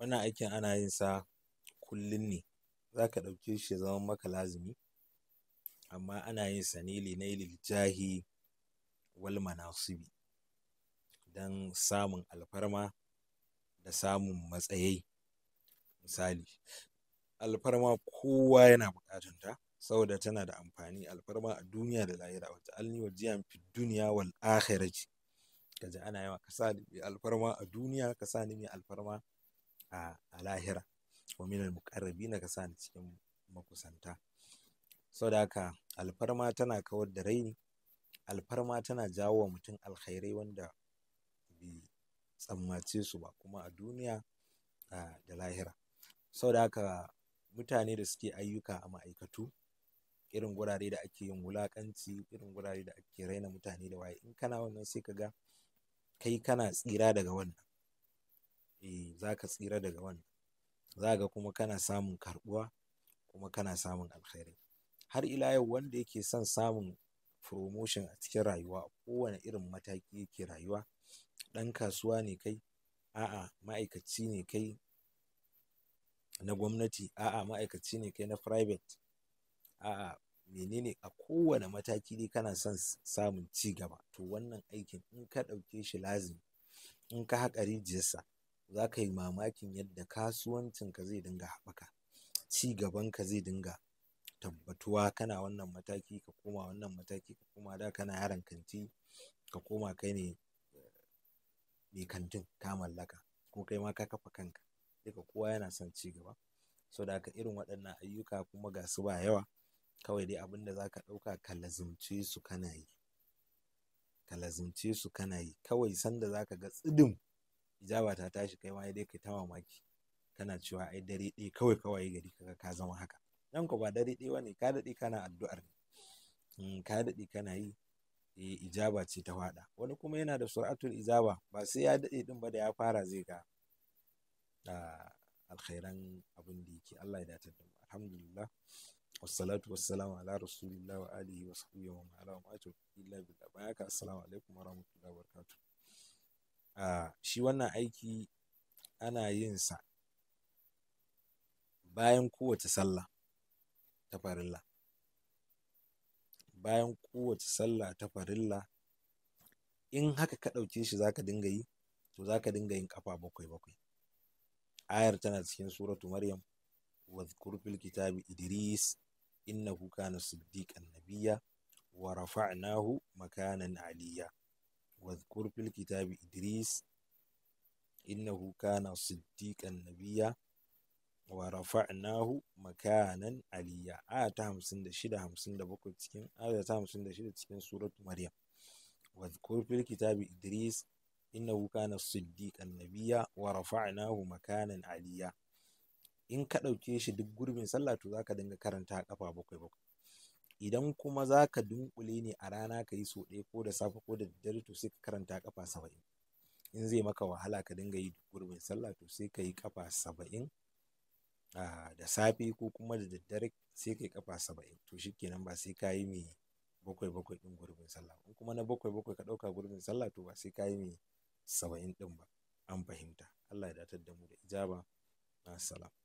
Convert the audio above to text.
wannan aikin ana yin sa kullum ne zaka ka ɗauke shi ya zama maka lazimi amma ana yin sa ne linailil jahi wal manasibi don samun alfarma da samun matsayi misali alfarma kowa yana ta saboda tana da amfani alfarma a duniya da lahira wata alni jiyan fi duniya wal akhirati kaji ana yawa kasa alfarma a duniya ka sa alfarma a lahira wa minal naka ka sa ni cikin makusanta saboda haka alfarma tana kawar da raini alfarma tana jawo wa mutum alkhairai wanda bai tsammace su ba kuma a duniya da lahira saboda haka mutane da suke ayyuka a ma'aikatu irin gurare da ake yin wulakanci irin gurare da ake raina mutane da waye in kana wannan sai ka ga kai kana tsira daga wannan eh za ka tsira daga wannan za ga kuma kana samun karbuwa kuma kana samun alkhairi har ila yau wanda yake son samun promotion a cikin rayuwa a kowane irin mataki yake rayuwa ɗan kasuwa ne kai a'a ma'aikaci ne kai na gwamnati a'a ma'aikaci ne kai na private a'a menene a kowane mataki dai kana son samun ci gaba to wannan aikin in ka ɗauke shi lazimi in ka haƙa rijiyarsa za ka yi mamakin yadda kasuwancinka zai dinga haɓaka ci gabanka zai dinga tabbatuwa kana wannan mataki ka koma wannan mataki ka koma da kana yaron kanti ka koma kai ne eh, mai kantin ka mallaka ko kai ma ka kafa kanka duka kowa yana son ci gaba so da ka irin waɗannan ayyuka kuma ga su ba yawa kawai dai abin da za ka ɗauka ka lazumce su kana yi ka lazumce su kana yi kawai sanda za ka ga tsidin ijaba ta tashi kai ma dai kai ta mamaki kana cewa ai dare ɗaya kawai kawai gari kaga ka zama haka nan ko ba dare ɗaya bane ka daɗe kana addu'ar ne hmm, ka daɗe kana yi eh, ijaba ce ta faɗa wani kuma yana da sur'atul ijaba ba sai ya daɗe ɗin ba da ya fara zai ga ah, alkhairan abin da yake Allah ya datar da mu alhamdulillah wassalatu wassalamu ala rasulillah wa alihi wa sahbihi wa man ala wa ma illa billah bayaka assalamu alaikum wa rahmatullahi wa barakatuh a shi wannan aiki ana yin sa bayan kowace sallah ta farilla bayan kowace sallah ta farilla in haka ka ɗauke shi zaka dinga yi to zaka dinga yin ƙafa bakwai bakwai ayar tana cikin suratu maryam واذكر في الكتاب إدريس إنه كان صديقا نبيا ورفعناه مكانا عليا wadkur fil kitabi idris inna hu kana siddiqan nabiyya wa rafa'nahu makanan aliyya ayata 56 57 cikin ayata 56 cikin suratul maryam wadkur fil kitabi idris inna hu kana siddiqan nabiyya wa makanan aliyya in ka ɗauke shi duk gurbin sallah to zaka dinga karanta kafa bakwai bakwai idan kuma za ka dunkule ne a rana ka yi sau ɗaya ko da safe ko da daddare to sai ka karanta kafa saba'in in zai maka wahala ka dinga yi gurbin sallah to sai ka yi kafa saba'in da safe ko kuma da daddare sai ka yi kafa saba'in to shi kenan ba sai ka yi mai bakwai bakwai ɗin gurbin sallah in kuma na bakwai bakwai ka ɗauka gurbin sallah to ba sai ka yi mai saba'in ɗin ba an fahimta Allah ya datar da mu da ijaba assalamu